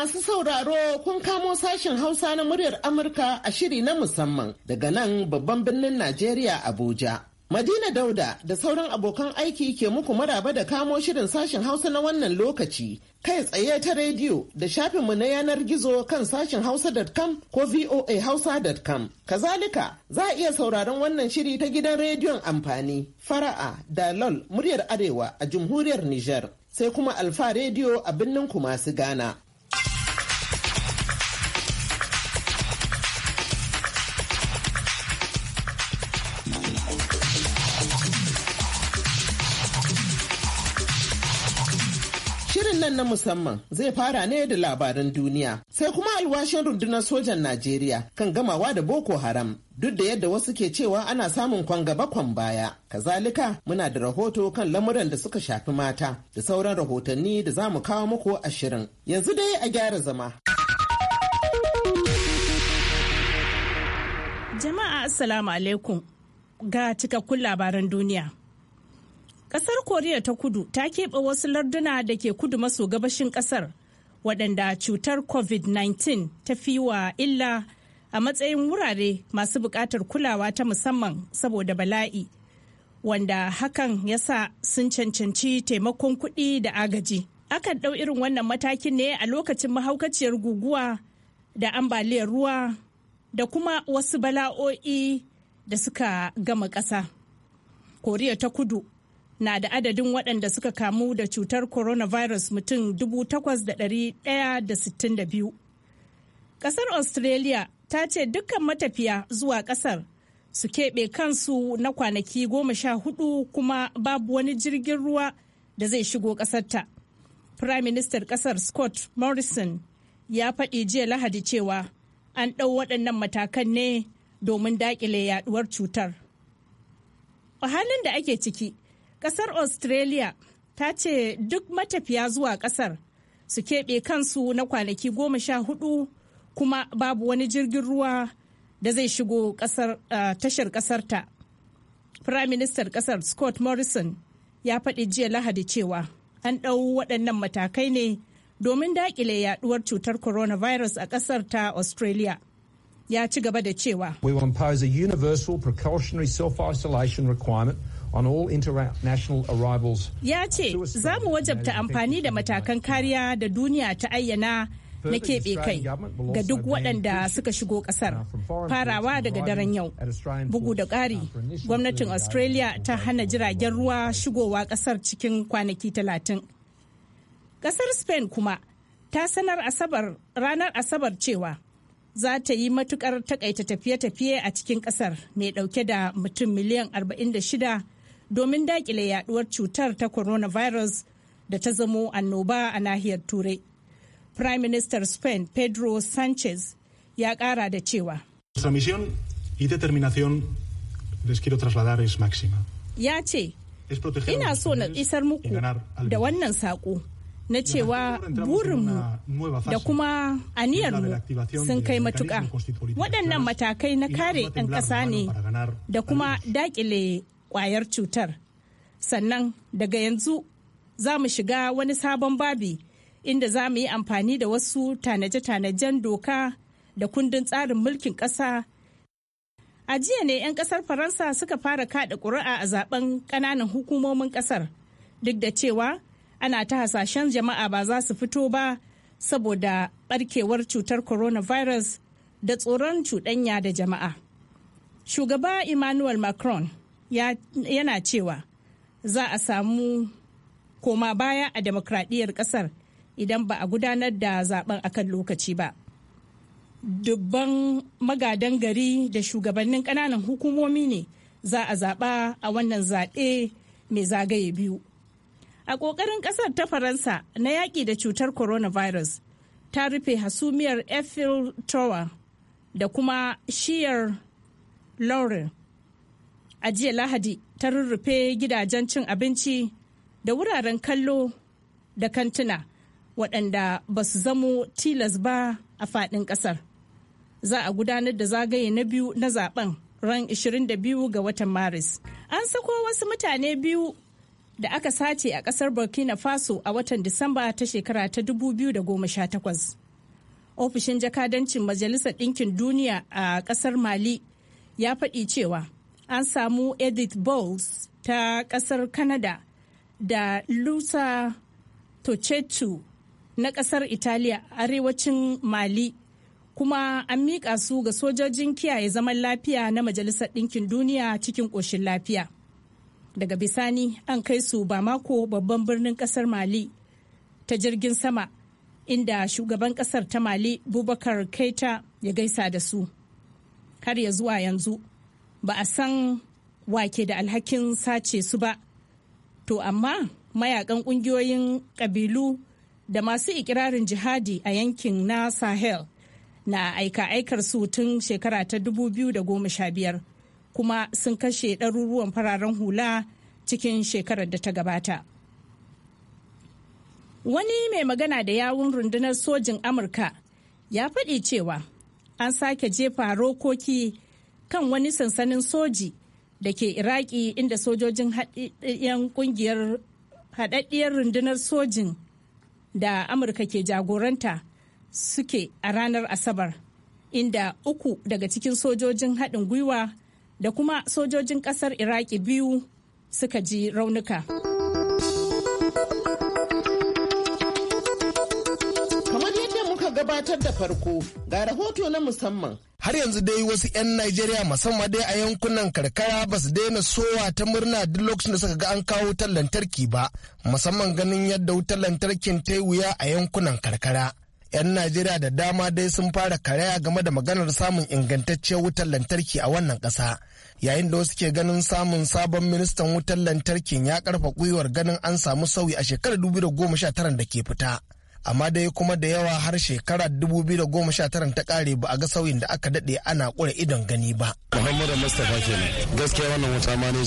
Masu sauraro kun kamo sashen Hausa na muryar Amurka a shiri na musamman daga nan babban birnin Najeriya Abuja. Madina Dauda da sauran abokan aiki ke muku maraba da kamo shirin sashen Hausa na wannan lokaci kai tsaye ta rediyo da shafinmu na yanar gizo kan sashen hausa.com ko voa Hausa.com. Kazalika za a iya sauraron wannan shiri ta gidan rediyon amfani fara'a da lol muryar arewa a jumhuriyar Nijar sai kuma alfa rediyo a birnin Kumasi Ghana. Shirin na musamman zai fara ne da labaran duniya, sai kuma alwashin rundunar sojan Najeriya kan gamawa da Boko Haram. Duk da yadda wasu ke cewa ana samun kwan gaba baya. Kazalika muna da rahoto kan lamuran da suka shafi mata da sauran rahotanni da za mu kawo muku a shirin. Yanzu dai a gyara zama. Jama'a Assalamu alaikum ga cikakkun labaran duniya. Kasar Koriya ta kudu ta keɓe wasu larduna da ke kudu maso gabashin kasar waɗanda cutar COVID-19 ta fi wa illa a matsayin wurare masu buƙatar kulawa ta musamman saboda bala'i wanda hakan ya sa sun cancanci taimakon kuɗi da agaji. Akan ɗau irin wannan matakin ne a lokacin mahaukaciyar guguwa da ambaliyar ruwa da kuma wasu bala'o'i da suka gama ƙasa. Koriya ta kudu na da adadin waɗanda suka kamu da cutar coronavirus mutum 8,162. Ƙasar Australia ta ce dukkan matafiya zuwa ƙasar su keɓe kansu na kwanaki goma sha hudu kuma babu wani jirgin ruwa da zai shigo ƙasarta. Prime Minister ƙasar Scott Morrison ya faɗi jiya Lahadi cewa an ɗau waɗannan matakan ne domin daƙile yaɗuwar cutar. A halin da ake ciki, Kasar Australia ta ce duk matafiya zuwa kasar su keɓe kansu na kwanaki goma sha hudu kuma babu wani jirgin ruwa da zai shigo tashar kasarta. Firaministan kasar Scott Morrison ya faɗi jiya Lahadi cewa an ɗau waɗannan matakai ne domin daƙile yaɗuwar cutar coronavirus a ƙasar ta Australia. Ya ci gaba da cewa. We will impose a universal precautionary self-isolation requirement on all Ya ce, za mu wajabta amfani da matakan kariya da duniya ta ayyana na keɓe kai ga duk waɗanda suka shigo uh, ƙasar farawa daga daren yau bugu da ƙari gwamnatin australia ta hana jiragen ruwa shigowa ƙasar cikin kwanaki talatin ƙasar spain kuma ta sanar asabar ranar asabar cewa za ta yi matukar takaita tafiye-tafiye a cikin ƙasar mai ɗauke da mutum miliyan 46 domin dakile yaduwar cutar ta coronavirus da ta zamo annoba a nahiyar turai prime minister spain pedro sanchez ya kara da cewa ya ce ina so na isar muku da wannan saƙo na cewa burinmu da kuma aniyarmu sun kai matuƙa waɗannan matakai na kare ɗan ƙasa ne da kuma daƙile kwayar cutar sannan daga yanzu za mu shiga wani sabon babi inda za mu yi amfani da wasu tanaje-tanajen doka da kundin tsarin mulkin ƙasa a jiya ne 'yan ƙasar faransa suka fara kaɗa ƙuri'a a zaben ƙananan hukumomin ƙasar duk da cewa ana ta hasashen jama'a ba za su fito ba saboda barkewar cutar coronavirus da tsoron cuɗanya da jama'a. Shugaba Emmanuel Macron yana cewa za a samu koma baya a demokradiyyar kasar idan ba a gudanar da zaben akan lokaci ba dubban magadan gari da shugabannin kananan hukumomi ne za a zaɓa a wannan zaɓe mai zagaye biyu a ƙoƙarin ƙasar ta faransa na yaƙi da cutar coronavirus ta rufe hasumiyar eiffel tower da kuma shiyar lauren a jiya lahadi ta rurrufe gidajen cin abinci da wuraren kallo da kantuna waɗanda ba su zamo tilas ba a faɗin ƙasar za a gudanar da zagaye na biyu na zaben ran 22 ga watan maris an sako wasu mutane biyu da aka sace a ƙasar burkina faso a watan disamba ta shekara ta 2018 ofishin jakadancin majalisar ɗinkin duniya a ƙasar mali ya faɗi cewa an samu edith bowles ta kasar kanada da lusa tochetu na kasar italiya arewacin mali kuma an miƙa su ga sojojin kiyaye zaman lafiya na majalisar ɗinkin duniya cikin ƙoshin lafiya daga bisani an kai su bamako babban birnin ƙasar mali ta jirgin sama inda shugaban ƙasar ta mali bubakar keita ya gaisa da su har ya zuwa yanzu ba a san wake da alhakin sace su ba to amma mayakan kungiyoyin ƙabilu da masu ikirarin jihadi a yankin na sahel na aika-aikar su tun shekara ta 2015 kuma sun kashe ɗaruruwan fararen hula cikin shekarar da ta gabata wani mai magana da yawun rundunar sojin amurka ya faɗi cewa an sake jefa rokoki kan wani sansanin soji da ke iraki inda sojojin haɗaɗɗiyar kungiyar haɗaɗɗiyar rundunar sojin da amurka ke jagoranta suke a ranar asabar inda uku daga cikin sojojin haɗin gwiwa da kuma sojojin ƙasar iraki biyu suka ji raunuka kamar yadda muka gabatar da farko ga rahoto na musamman har yanzu dai wasu 'yan Najeriya musamman dai a yankunan karkara ba su daina sowa ta murna duk lokacin da suka ga an kawo wutar lantarki ba musamman ganin yadda wutar lantarkin ta yi wuya a yankunan karkara. 'Yan Najeriya da dama dai sun fara karaya game da maganar samun ingantacciyar wutar lantarki a wannan ƙasa. Yayin da wasu ke ganin samun sabon ministan wutar lantarkin ya karfa gwiwar ganin an samu sauyi a shekarar 2019 da ke fita. amma dai kuma da yawa har shekara 2019 ta kare ba a ga sauyin da aka dade ana kura idon gani ba. Muhammadu Mustapha kenan gaskiya wannan wata ma ne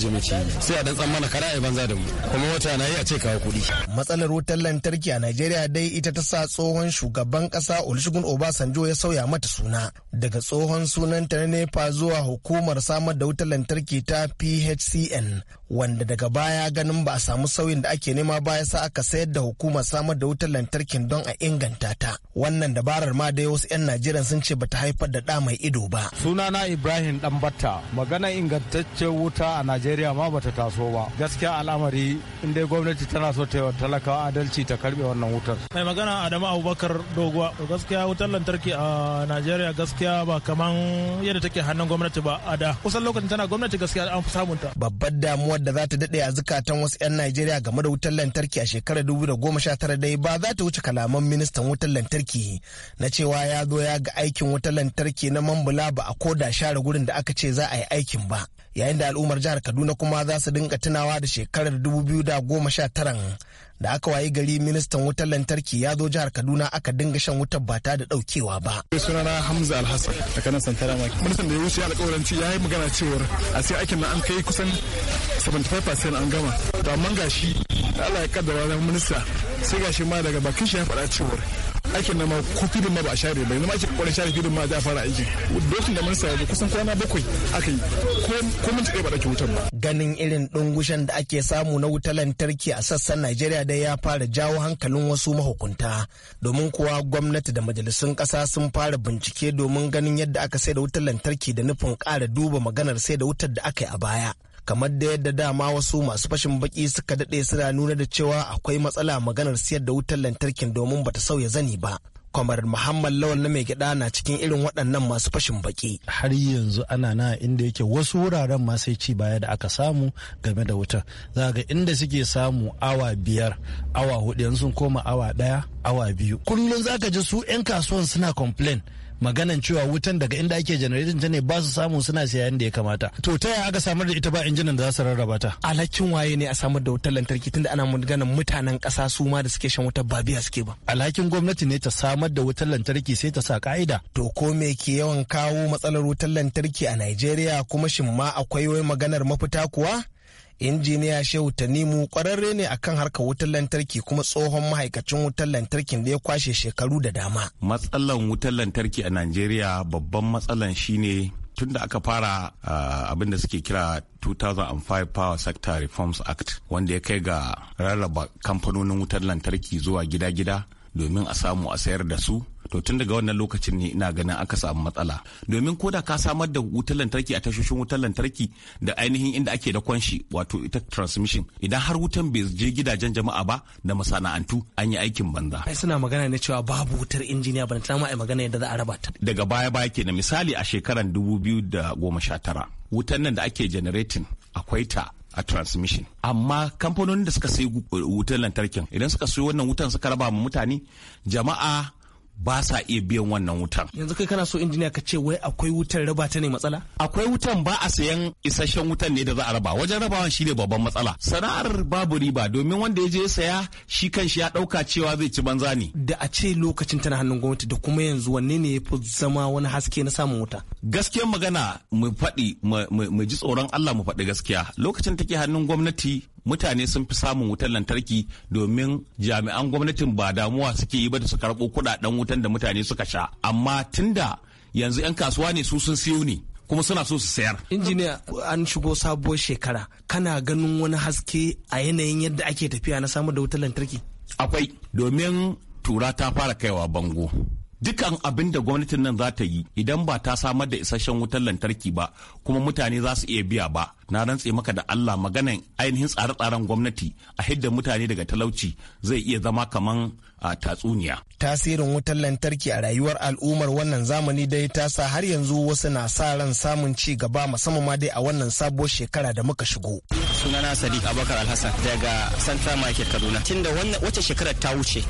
sai a dan tsammana kara a banza da mu kuma wata na yi a ce kawo kuɗi. Matsalar wutar lantarki a Najeriya dai ita ta sa tsohon shugaban ƙasa Olusegun Obasanjo ya sauya mata suna daga tsohon sunanta na NEPA zuwa hukumar samar da wutar lantarki ta PHCN wanda daga baya ganin ba a samu sauyin da ake nema ba ya sa aka sayar da hukumar samar da wutar lantarkin don a inganta ta wannan dabarar ma dai wasu 'yan najeriya sun ce bata haifar da da mai ido ba sunana ibrahim danbatta magana ingantaccen wuta a najeriya ma bata taso ba gaskiya al'amari inda gwamnati tana so ta yi talakawa adalci ta karbe wannan wutar mai magana adamu abubakar doguwa gaskiya wutar lantarki a najeriya gaskiya ba kamar yadda take hannun gwamnati ba a da kusan lokacin tana gwamnati gaskiya an fi samunta babbar damuwar da za ta daɗe a zukatan wasu 'yan Najeriya game da wutar lantarki a shekarar 2019 dai ba za ta wuce kalaman ministan wutar lantarki na cewa ya zo ya ga aikin wutar lantarki na mambula ba a ko da share gurin da aka ce za a yi aikin ba. Yayin da al'ummar jihar Kaduna kuma za su dinga tunawa da shekarar 2019 da aka waye gari ministan wutar lantarki ya zo jihar kaduna aka dinga shan wutar ba ta da daukewa ba sunana hamza alhassan a kanan santara maki ministan da ya wuce alƙawarin ci ya yi magana cewar a sai aikin na an kai kusan 75% an gama to amma gashi Allah ya kaddara na minista sai gashi ma daga bakin shi ya faɗa cewar aikin na ma ko filin ma ba a share ba yanzu ma ake kokarin share filin ma za a fara aikin dokin da mun sa kusan kwana bakwai aka yi ko mun taɓa ɗauki wutar ba. ganin irin ɗungushen da ake samu na wutar lantarki a sassan najeriya dai ya fara jawo hankalin wasu mahukunta domin kuwa gwamnati da majalisun kasa sun fara bincike domin ganin yadda aka sai da wutar lantarki da nufin ƙara duba maganar sai da wutar da aka yi a baya. kamar da yadda dama wasu masu fashin baki suka daɗe suna nuna da cewa akwai matsala maganar siyar da wutar lantarkin domin bata sauya zani ba kwamar muhammad lawal na mai gida na cikin irin waɗannan masu fashin baki har yanzu ana na inda yake wasu wuraren ma sai ci baya da aka samu game da wutar za ga inda suke samu awa biyar awa hudu yanzu sun koma awa daya awa biyu kullum za ka ji su 'yan kasuwan suna complain maganan cewa wutan daga inda ake generating ta ne ba su samu suna siya da ya kamata to ta yaya aka samar da ita ba injinan da za su rarraba ta alhakin waye ne a samar da wutar lantarki tunda ana maganan mutanen kasa su ma da suke shan wutar ba biya suke ba alhakin gwamnati ne ta samar da wutar lantarki sai ta sa ka'ida to ko me ke yawan kawo matsalar wutar lantarki a Najeriya kuma shin ma akwai wai maganar mafita kuwa injiniya shehu tanimu kwararre ne akan harkar wutar lantarki kuma tsohon mahaikacin wutar lantarkin da ya kwashe shekaru da dama matsalan wutar lantarki a najeriya babban matsalan shine tun da aka fara uh, abin da suke kira 2005 Power Sector Reforms Act wanda ya kai ga rarraba kamfanonin wutar lantarki zuwa gida-gida domin a samu a sayar da su to tun daga wannan lokacin ne ina ganin aka samu matsala domin koda ka samar da wutar lantarki a tashoshin wutar lantarki da ainihin inda ake da kwanshi wato ita transmission idan har wutan bai je gidajen jama'a ba da masana'antu an yi aikin banza ai suna magana ne cewa babu wutar injiniya ban ta ma ai magana yadda za a raba ta daga baya baya kenan misali a shekaran 2019 wutan nan da ake generating akwai ta a transmission amma kamfanonin da suka sayi wutar lantarkin idan suka sayi wannan wutan suka raba mutane jama'a ba sa iya biyan wannan wutan. Yanzu kai kana so injiniya ka ce wai akwai wutan raba ta ne matsala? Akwai wutan ba a sayan isasshen wutan ne da za a raba. Wajen rabawan shi ne babban matsala. Sana'ar babu riba domin wanda ya je saya shi kan shi ya ɗauka cewa zai ci banza ne. Da a ce lokacin tana hannun gwamnati da kuma yanzu wanne ne ya fi zama wani haske na samun wuta? Gaskiyar magana mu faɗi mu ji tsoron Allah mu faɗi gaskiya. Lokacin take hannun gwamnati mutane sun fi samun wutar lantarki domin jami'an gwamnatin ba damuwa suke yi ba da su karɓo kuɗaɗen wutan da mutane suka sha amma tunda yanzu 'yan kasuwa ne su sun siyo ne kuma suna so su sayar. injiniya an shigo sabuwar shekara kana ganin wani haske a yanayin yadda ake tafiya na samar da wutar lantarki akwai domin tura ta fara kaiwa bango dukan abin da gwamnatin nan za ta yi idan ba ta samar da isasshen wutar lantarki ba kuma mutane za su iya biya ba na rantse maka da Allah maganan ainihin tsare-tsaren gwamnati a hidda mutane daga talauci zai iya zama kaman a tatsuniya. Tasirin wutar lantarki a rayuwar al'ummar wannan zamani dai ta sa har yanzu wasu na sa ran samun ci gaba musamman ma dai a wannan sabuwar shekara da muka shigo. Sunana Sadiq Abubakar Alhassan daga Central Market Kaduna. Tunda wannan wace shekarar ta wuce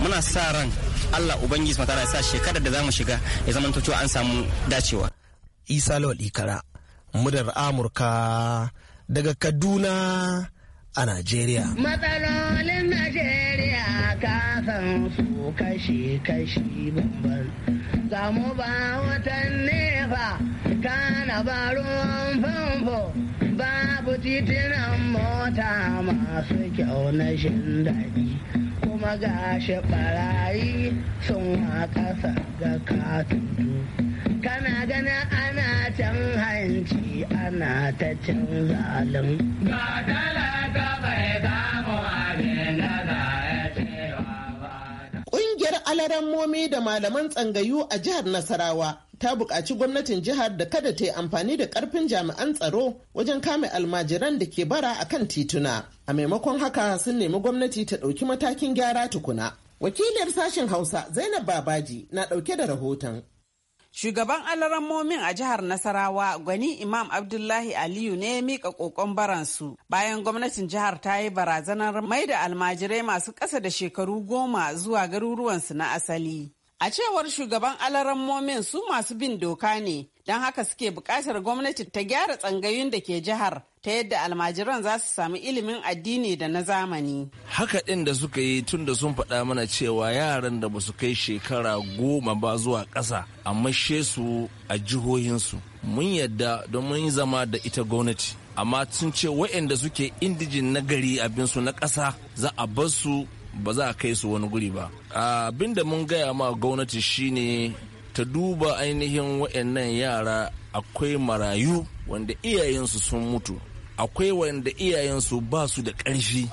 muna sa ran Allah Ubangiji mata ya sa shekarar da za mu shiga ya zama an samu dacewa. Isa Lawal Ikara Mudar Amurka daga Kaduna a Najeriya. Matsalolin Najeriya kasan su kashi-kashi bambam. Ga mu ba watan nefa, kana ba ruwan famfo, babu titinan mota masu kyau na shin daɗi. kuma gashi barayi sun haƙasa ga katutu kana gani ana can hai ana ta cin zalim. Ƙungiyar alaran momi da Ƙungiyar alarammomi da malaman tsangayu a jihar Nasarawa ta buƙaci gwamnatin jihar da kada ta yi amfani da ƙarfin jami'an tsaro wajen kame almajiran da ke bara a kan tituna. A maimakon haka sun nemi gwamnati ta ɗauki matakin gyara tukuna. Wakiliyar sashen Hausa Zainab Babaji na ɗauke da rahoton. Shugaban alaramomin a jihar Nasarawa gwani Imam Abdullahi Aliyu ne ya mika kokon baransu bayan gwamnatin jihar ta yi barazanar mai da almajirai masu ƙasa da shekaru goma zuwa garuruwansu na asali. A cewar shugaban alarammomin su masu bin doka ne, don haka suke bukatar gwamnati ta gyara tsangayun da ke jihar ta yadda almajiran za su sami ilimin addini da na zamani. Haka ɗin da suka yi tun da sun faɗa mana cewa yaran da ba su kai shekara goma ba zuwa ƙasa a mashe su a jihohinsu. Mun yadda don mun zama da ita gwamnati. amma sun ce waɗanda suke indijin nagari gari abinsu na ƙasa za a bar su ba za a kai su wani guri ba abin da mun gaya ma gwamnati shine ta duba ainihin waɗannan yara akwai marayu wanda iyayensu sun mutu akwai wanda iyayensu ba su da ƙarfi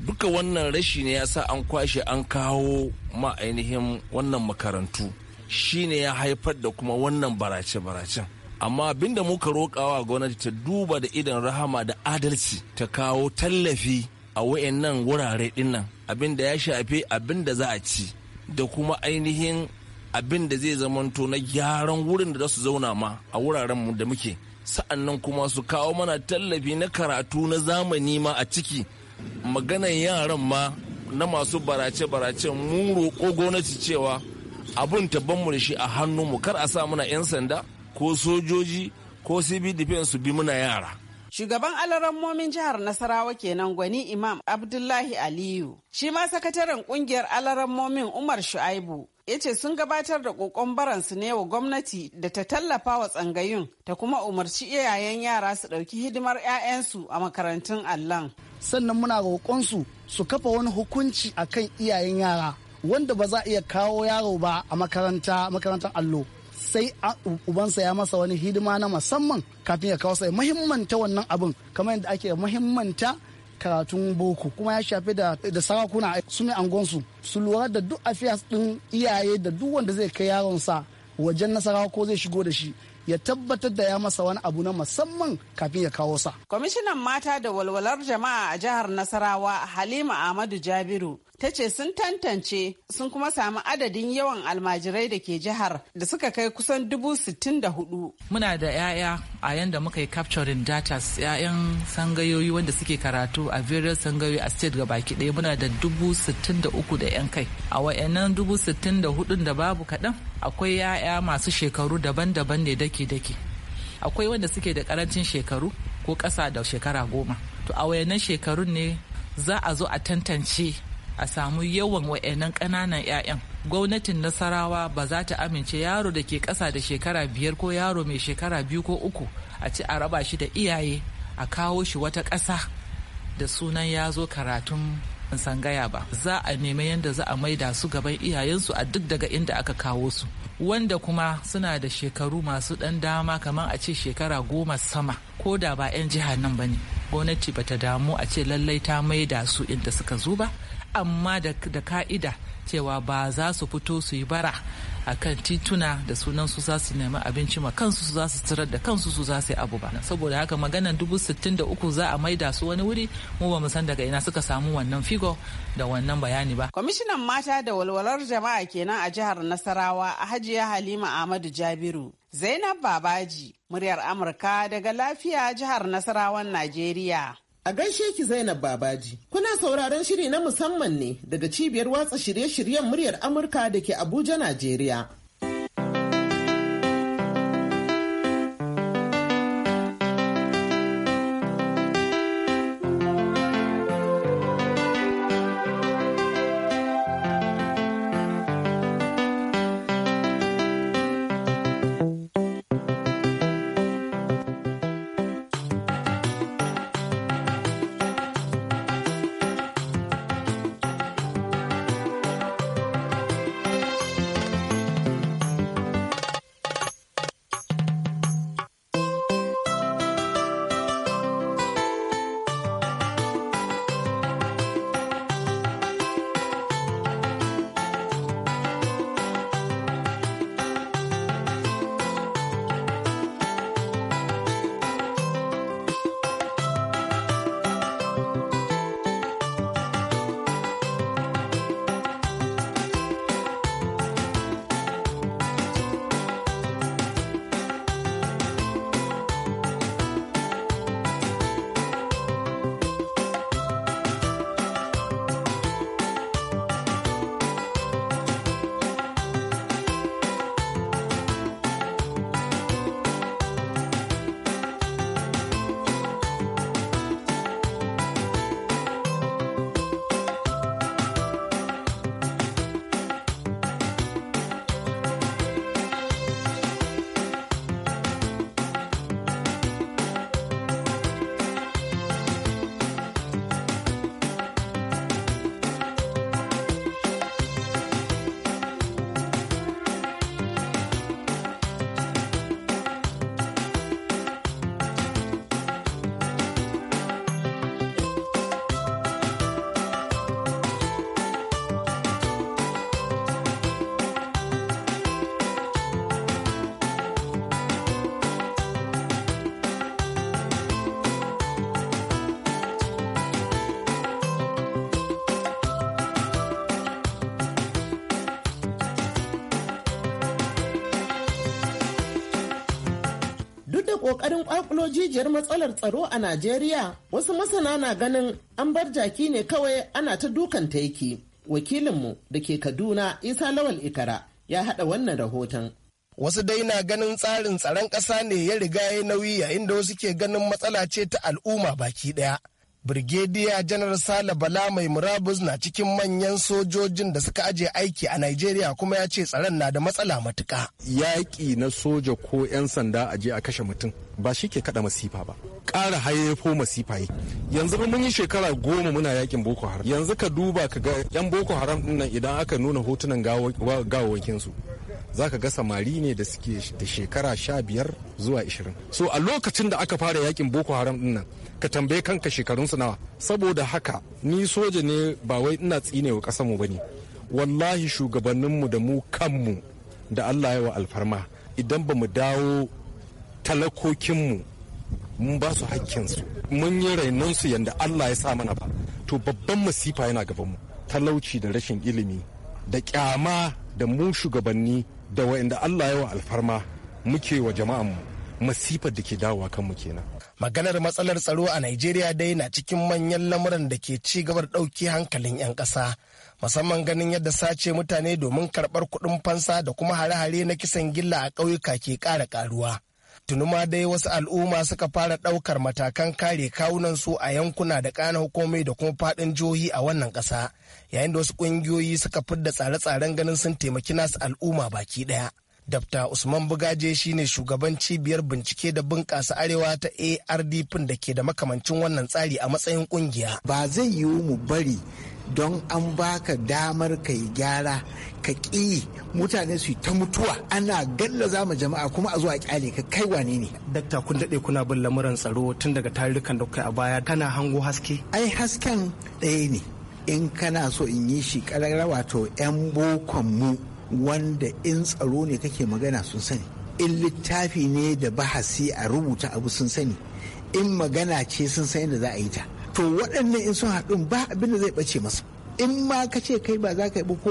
duka wannan rashi ne ya sa an kwashe an kawo ma ainihin wannan makarantu shine ya haifar da kuma wannan barace-baracen amma abinda muka roƙawa gwamnati ta duba da idan rahama da adalci ta kawo tallafi a wayannan wurare dinnan abin da ya shafi abin da za a ci da kuma ainihin abin da zai zamanto na gyaran wurin da za su zauna ma a wuraren mu da muke sa'annan kuma su kawo mana tallafi na karatu na zamani ma a ciki maganan yaran ma na masu barace-barace mun roƙo gwamnati cewa abun mu shi a hannunmu kar a sa muna 'yan sanda ko sojoji ko civil defense su bi muna yara Shugaban alarammomin jihar Nasarawa kenan gwani Imam Abdullahi Aliyu. Shi ma sakataren kungiyar alarammomin Umar Shu'aibu ya ce sun gabatar da kokon baransu ne wa gwamnati da ta tallafa wa tsangayin ta kuma umarci iyayen yara su ɗauki hidimar 'ya'yansu a makarantun allan sannan muna roƙonsu su kafa wani hukunci akan iyayen yara wanda ba za a iya kawo yaro ba a makaranta makarantar allo sai ubansa ya masa wani hidima na musamman kafin ya kawo sai ta wannan abin kamar yadda ake ta karatun boko kuma ya shafi da da sarakuna su ne angonsu su lura da duk afiyas din iyaye da duk wanda zai kai yaron sa wajen nasarawa ko zai shigo da shi ya tabbatar da ya masa wani abu na musamman kafin ya kawo sa. Kwamishinan mata da walwalar jama'a a jihar Nasarawa Halima Ahmadu Jabiru ta ce sun tantance sun kuma samu adadin yawan almajirai da ke jihar da suka kai kusan dubu sittin da hudu. Muna da 'ya'ya a yanda muka yi capturing data 'ya'yan sangayoyi wanda suke karatu a various sangayoyi a state ga baki ɗaya muna da dubu sittin da uku da 'yan kai. A wayannan dubu sittin da hudun da babu kaɗan akwai 'ya'ya masu shekaru daban-daban ne daki-daki. Akwai wanda suke da karancin shekaru ko ƙasa da shekara goma. To a wayannan shekarun ne za a zo a tantance a samu yawan wa'annan ƙananan 'ya'yan gwamnatin nasarawa ba za ta amince yaro da ke ƙasa da shekara biyar ko yaro mai shekara biyu ko uku a ci a raba shi da iyaye a kawo shi wata ƙasa da sunan ya zo karatun sangaya ba za a nemi yadda za a maida su gaban iyayensu a duk daga inda aka kawo su wanda kuma suna da shekaru masu ɗan dama kamar a ce shekara goma sama ko da ba 'yan jiha nan ba ne gwamnati ba ta damu a ce lallai ta maida su inda suka zo ba amma da ka'ida cewa ba za su fito su yi bara a kan tituna da sunan su za su nemi abinci ma kansu su za su tsirar da kansu su za su yi abu ba saboda haka maganan dubu sittin da uku za a maida su wani wuri mu ba mu san daga ina suka samu wannan figo da wannan bayani ba kwamishinan mata da walwalar jama'a kenan a jihar nasarawa a hajiya halima ahmadu jabiru zainab babaji muryar amurka daga lafiya jihar nasarawan najeriya A gaishe ki Zainab Babaji. Kuna sauraron shiri na musamman ne daga cibiyar watsa shirye-shiryen muryar Amurka da ke Abuja, Najeriya. kokarin kwakulo jijiyar matsalar tsaro a Najeriya, wasu masana na ganin an bar jaki ne kawai ana ta dukan taiki. Wakilinmu da ke Kaduna Isa Lawal Ikara ya haɗa wannan rahoton. Wasu dai na ganin tsarin tsaron ƙasa ne ya riga ya nauyi yayin da wasu ke ganin matsala ce ta al'umma baki ɗaya. Brigadier Janar Sale Bala mai murabus na cikin manyan sojojin da suka aje aiki a Najeriya kuma ya ce tsaron na da matsala matuka. Yaƙi na soja ko 'yan sanda aje a kashe mutum ba shi ke kada masifa ba. Ƙara hayayyafo masifa yi. Yanzu mun yi shekara goma muna yakin Boko Haram. Yanzu ka duba ka ga 'yan Boko Haram nan idan aka nuna hotunan gawawakin za ka ga samari ne da suke da shekara sha biyar zuwa ishirin so a lokacin da aka fara yakin boko haram din ka tambaye kanka shekarun su nawa saboda haka ni soja ne ba wai ina tsine wa kasanmu ba ne wallahi shugabanninmu da mu kanmu da allah ya wa alfarma idan ba mu dawo talakokinmu mun ba su hakkinsu mun yi rainon su yadda allah ya sa mana ba to babban masifa yana gabanmu talauci da rashin ilimi da kyama da mu shugabanni da wa'inda Allah yawa alfarma muke wa jama'anmu masifar da ke dawowa kanmu kenan. Maganar matsalar tsaro a Najeriya dai na cikin manyan lamuran da ke ci gabar ɗauki hankalin 'yan ƙasa. Musamman ganin yadda sace mutane domin karɓar kuɗin fansa da kuma hare-hare na kisan gilla a ƙauyuka ke ƙara ƙaruwa. tuni ma dai wasu al'umma suka fara ɗaukar matakan kare kawunan su a yankuna da ƙana hukumomi da kuma faɗin jihohi a wannan ƙasa yayin da wasu ƙungiyoyi suka fidda tsare-tsaren ganin sun taimaki nasu al'umma baki ɗaya Dr. Usman Bugaje shine shugaban cibiyar bincike da bunƙasa arewa ta ARDP da ke da makamancin wannan tsari a matsayin kungiya. Ba zai yiwu mu bari don an baka damar ka yi gyara ka ƙi mutane su ta mutuwa ana gallaza ma jama'a kuma a zuwa ƙyale ka kai wane ne dakta kun daɗe kuna bin lamuran tsaro tun daga tarurrukan da kuka a baya kana hango haske ai hasken ɗaya ne in kana so in yi shi ƙararrawa wato 'yan bokon mu wanda in tsaro ne kake magana sun sani in littafi ne da bahasi a rubuta abu sun sani in magana ce sun sani da za a yi ta to waɗannan in sun haɗu ba abin da zai ɓace masa in ma ka ce kai ba za ka yi ba ko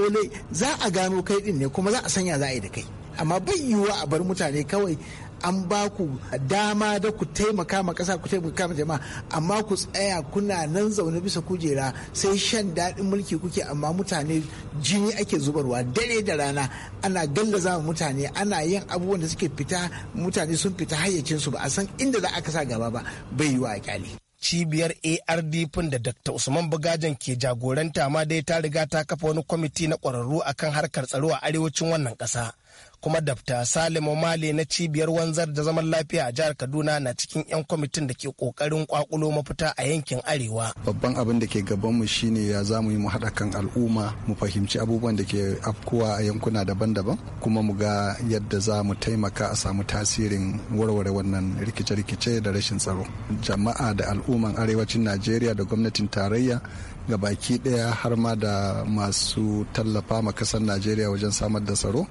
za a gano kai ɗin ne kuma za a sanya za a yi da kai amma bai yiwuwa a bar mutane kawai an ba ku dama da ku taimaka ma ƙasa ku taimaka ma jama'a amma ku tsaya kuna nan zaune bisa kujera sai shan daɗin mulki kuke amma mutane jini ake zubarwa dare da rana ana gallaza ma mutane ana yin abubuwan da suke fita mutane sun fita hayyacinsu ba a san inda za a sa gaba ba bai yiwuwa a kyale. cibiyar ardp da dr usman bugajan ke jagoranta ma dai ta riga ta kafa wani kwamiti na ƙwararru akan harkar tsaro a arewacin wannan ƙasa kuma dafta salimu Mali na cibiyar wanzar da zaman lafiya a jihar kaduna na cikin 'yan kwamitin da ke kokarin kwakulo mafita a yankin arewa babban abin da ke gabanmu shine ya za mu yi mu haɗa kan al'umma mu fahimci abubuwan da ke afkuwa a yankuna daban-daban kuma mu ga yadda za mu taimaka a samu tasirin warware wannan rikice-rikice da rashin tsaro jama'a da al'umman arewacin najeriya da gwamnatin tarayya ga baki daya har ma da masu tallafa ma kasar najeriya wajen samar da tsaro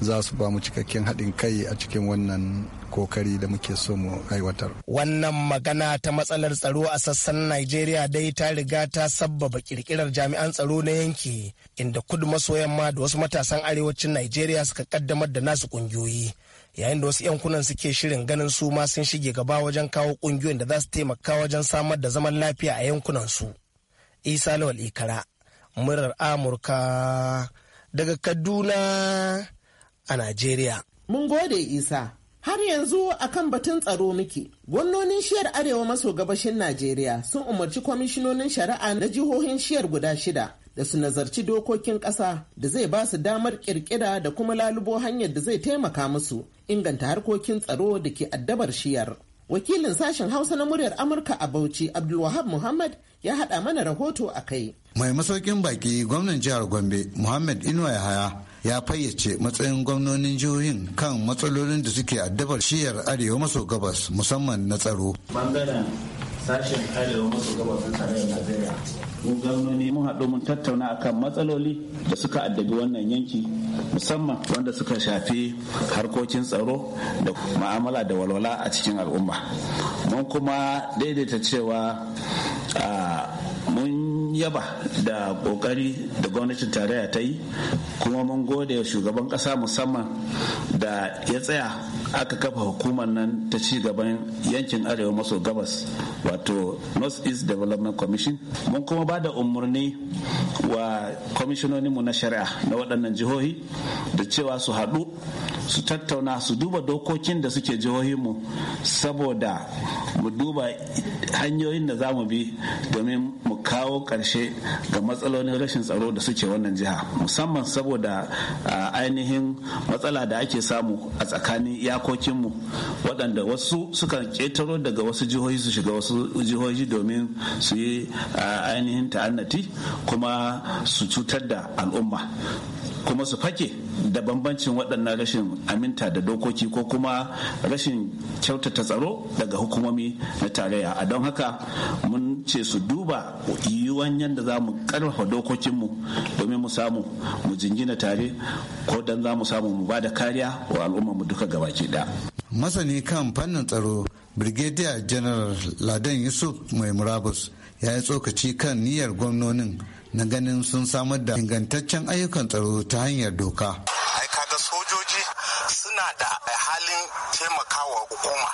za su ba mu cikakken haɗin kai a cikin wannan kokari da muke so mu aiwatar. Wannan magana ta matsalar tsaro a sassan Najeriya dai ta riga ta sabbaba kirkirar jami'an tsaro na yanki inda kudu maso yamma da wasu matasan arewacin Najeriya suka kaddamar da nasu kungiyoyi. Yayin da wasu yankunan suke shirin ganin su ma sun shige gaba wajen kawo kungiyoyin da za su taimaka wajen samar da zaman lafiya a yankunan su. isa lawal ikara murar amurka daga kaduna a najeriya mun gode isa Har yanzu a kan batun tsaro muke. Gwamnonin shiyar Arewa maso gabashin Najeriya sun umarci kwamishinonin shari'a na jihohin shiyar guda shida da su nazarci dokokin ƙasa da zai ba su damar ƙirƙira da kuma lalubo hanyar da zai taimaka musu inganta harkokin tsaro da ke addabar shiyar. Wakilin sashen Hausa na muryar Amurka a Bauchi, Abdulwahab Muhammad, ya haɗa mana rahoto a kai. Mai masaukin baki gwamnan jihar Gombe, Muhammad Inuwa Yahaya, ya fayyace matsayin gwamnonin jihohin kan matsalolin da suke addabar shiyar arewa maso gabas musamman na tsaro. sashen arewa maso gabashin tarayyar najeriya mun gano ne mun haɗu mun tattauna akan matsaloli da suka addabi wannan yanki musamman wanda suka shafi harkokin tsaro da ma'amala da walwala a cikin al'umma mun kuma daidaita cewa ah, mun yaba da kokari da gwamnatin tarayya ta yi kuma mun gode shugaban kasa musamman da ya tsaya aka kafa hukumar nan ta ci gaban yankin arewa maso gabas wato north east development commission mun kuma ba da umarni wa kwamishinoninmu na shari'a na waɗannan jihohi da cewa su haɗu su tattauna su duba dokokin da suke mu saboda mu duba hanyoyin da za mu bi domin kawo ƙarshe ga matsalolin rashin tsaro da suke wannan jiha musamman saboda ainihin matsala da ake samu a tsakanin iyakokinmu waɗanda wasu sukan ƙetaro daga wasu jihohi su shiga wasu jihohi domin su yi ainihin ta'annati kuma su cutar da al'umma kuma su fake da bambancin waɗannan rashin aminta da dokoki ko kuma rashin kyautata tsaro daga hukumomi na tarayya a don haka mun ce su duba yiwuwan yadda za mu karfafa dokokinmu domin mu samu mu jingina tare ko dan za mu samu mu ba da kariya wa al'ummarmu duka gabaki da. masani kan fannin tsaro brigadier general ladan yusuf mai murabus ya yi tsokaci kan niyyar gwamnonin na ganin sun samar da ingantaccen ayyukan tsaro ta hanyar doka ai kaga sojoji suna da halin taimaka wa hukuma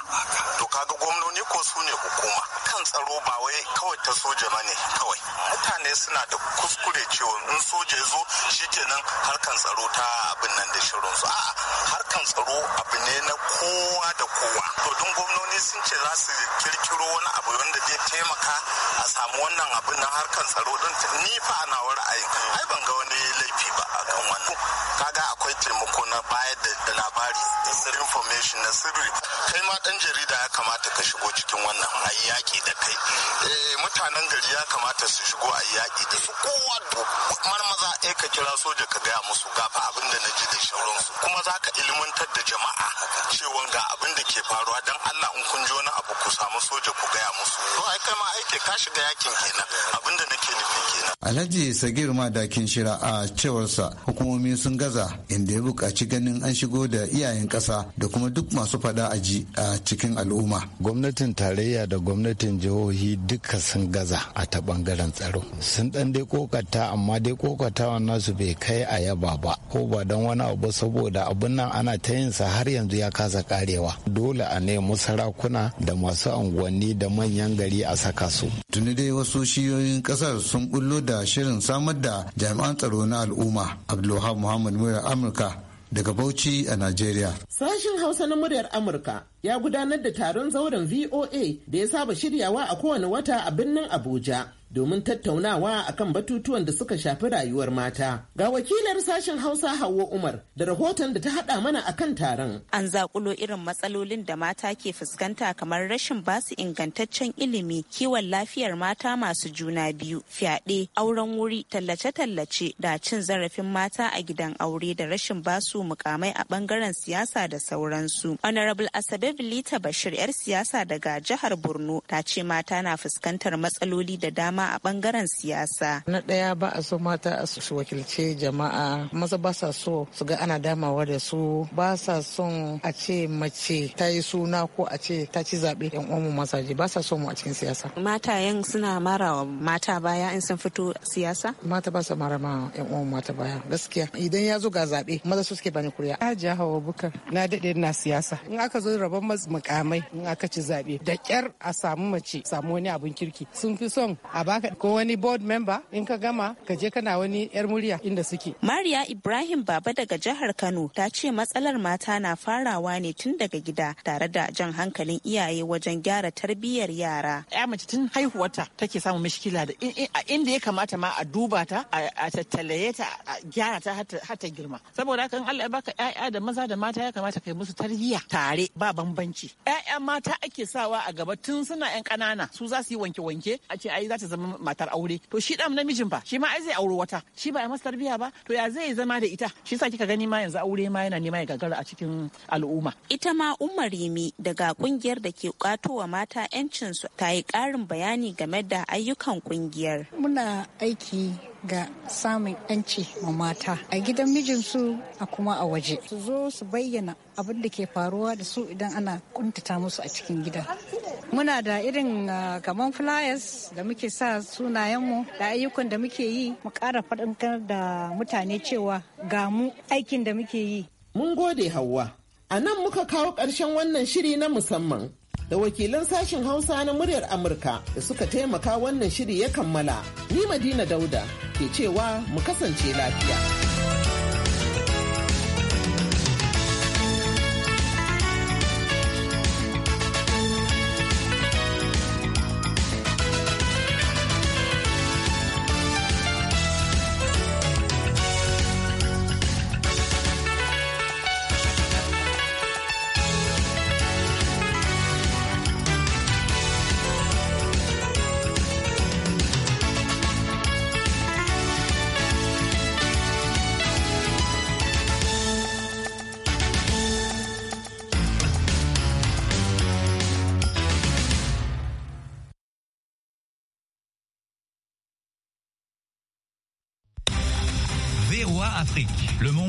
to kaga gwamnoni ko su ne hukuma kan tsaro ba wai kawai ta soja ba ne kawai mutane suna da kuskure cewa in soja ya zo shikenan harkan tsaro ta abin nan da shirin su a'a harkan tsaro abu ne na kowa da kowa to don gwamnoni sun ce za su kirkiro wani abu wanda zai taimaka a samu wannan abin na harkan tsaro din ni fa ana ra'ayin ai ban ga wani laifi ba Ka wannan kaga akwai taimako na bayar da labari sirri information na sirri kai ma dan jarida ya kamata ka shigo cikin wannan a yaki da kai eh, mutanen gari ya kamata su shigo a yaki da su kowa maza eh ka kira soja ka gaya musu gafa abin da na ji da su? kuma za ka ilmantar da jama'a cewa ga abin da ke faruwa don allah in kun ji wani abu ku samu soja ku gaya musu to ai kai ma aike ka shiga yakin kenan abin da nake nufi kenan alhaji sagir madakin shira a cewarsa hukumomi sun gaza inda ya buƙaci ganin an shigo da iyayen ƙasa da kuma duk masu fada ji a cikin al'umma. Gwamnatin tarayya da gwamnatin jihohi duka sun gaza a ta bangaren tsaro. Sun ɗan dai kokata amma dai kokatawan nasu bai kai a yaba ba ko ba don wani abu saboda abin nan ana ta yin sa har yanzu ya kasa karewa. Dole a nemi sarakuna da masu unguwanni da manyan gari a saka su. Tuni dai wasu shiyoyin ƙasar sun bullo da shirin samar da jami'an tsaro na al'umma Abdulwahab Muhammad muryar Amurka daga Bauchi a Najeriya. Sashen Hausa na muryar Amurka ya gudanar da taron zauren VOA da ya saba shiryawa a kowane wata a birnin Abuja. domin tattaunawa akan batutuwan da suka shafi rayuwar mata. Ga wakilar sashen Hausa Hauwa Umar da rahoton da ta haɗa mana akan taron. An zaƙulo irin matsalolin da mata ke fuskanta kamar rashin basu ingantaccen ilimi, kiwon lafiyar mata masu juna biyu, fyaɗe, auren wuri, tallace-tallace da cin zarafin mata a gidan aure da rashin basu mukamai a ɓangaren siyasa da sauransu. Honorable Asabe Bilita Bashir 'yar siyasa daga jihar Borno ta ce mata na fuskantar matsaloli da dama musamman a bangaren siyasa. Na ɗaya ba a so mata su wakilce jama'a maza ba sa so su ga ana damawa da su ba sa son a ce mace ta yi suna ko a ce ta ci zaɓe yan uwanmu masaje, ba sa so mu a cikin siyasa. Matayen suna mara wa mata baya in sun fito siyasa? Mata ba sa mara ma yan uwanmu mata baya gaskiya idan ya zo ga zaɓe maza su suke bani kuriya. Hajiya Hawa buka, na daɗe na siyasa in aka zo rabon mukamai in aka ci zaɓe da ƙyar a samu mace samu wani abun kirki sun fi son a baka ko wani board member in ka gama ka je kana wani yar murya inda suke. Mariya Ibrahim Baba daga jihar Kano ta ce matsalar mata na farawa ne tun daga gida tare da jan hankalin iyaye wajen gyara tarbiyyar yara. Ya mace tun haihuwarta take samun mishkila da inda ya kamata ma a duba ta a tattalaye ta a gyara ta har ta girma. Saboda haka in Allah ya baka ƴaƴa da maza da mata ya kamata kai musu tarbiyya tare ba bambanci. ƴaƴa mata ake sawa a gaba tun suna 'yan ƙanana su za su yi wanke-wanke a ce ai za ta zama zama matar aure to shi dan namijin fa shi ma ai zai auro wata shi ba ya masa tarbiya ba to ya zai zama da ita shi sa kika gani ma yanzu aure ma yana nema ya gagara a cikin al'umma ita ma Umar Rimi daga kungiyar da ke katowa mata 'yancin su ta yi karin bayani game da ayyukan kungiyar muna aiki ga samun 'yanci ma mata a gidan mijinsu a kuma a waje su zo su bayyana abin da ke faruwa da su idan ana kuntata musu a cikin gida muna da irin ah, kaman flyers da muke sa sunayenmu da ayyukan da muke yi mu ƙara faɗin da mutane cewa ga mu aikin da muke yi mun gode hawa a nan muka kawo ƙarshen wannan shiri na musamman da wakilan sashen Hausa na muryar Amurka da suka taimaka wannan shiri ya kammala. Ni Madina Dauda ke cewa mu kasance lafiya.